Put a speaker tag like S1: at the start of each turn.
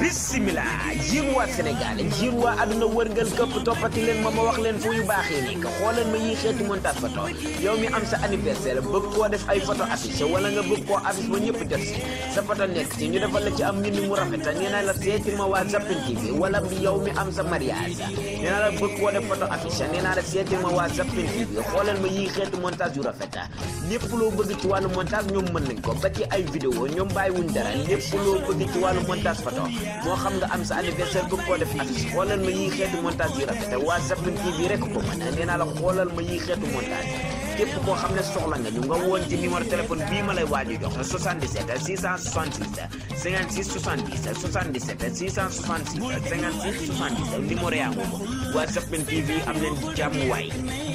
S1: bisimila yéen waa Sénégal yéen waa àdduna wërngal këpp toppati leen ma ma wax leen fu yu baax nekk xoolal ma yi xeeti montage photo yow mi am sa anniversaire bëgg koo def ay photo affiche wala nga bëgg koo affiche ba ñëpp def si sa photo nekk ci ñu defal la ci am mbind mu rafeta nee naa la seeti ma waa Zappin TV wala yow mi am sa mariage nee la bëgg koo def photo affiche nee la seeti ma waa Zappin TV xoolal ma yi xeeti montage ba ci ay vidéo ñoom moo xam nga am sa anniversaire bëgg koo def affiche xoolal ma ñuy xeetu montage yi rafet waa Zappin TV rek ko mën nee naa la xoolal ma ñuy xeetu montage képp xam ne soxla nga ñu nga woon ci numéro téléphone bii ma lay waaju jox 77 666 56 70 77 666 56 70 numéro yaa ngi ko waa TV am leen jàmm waay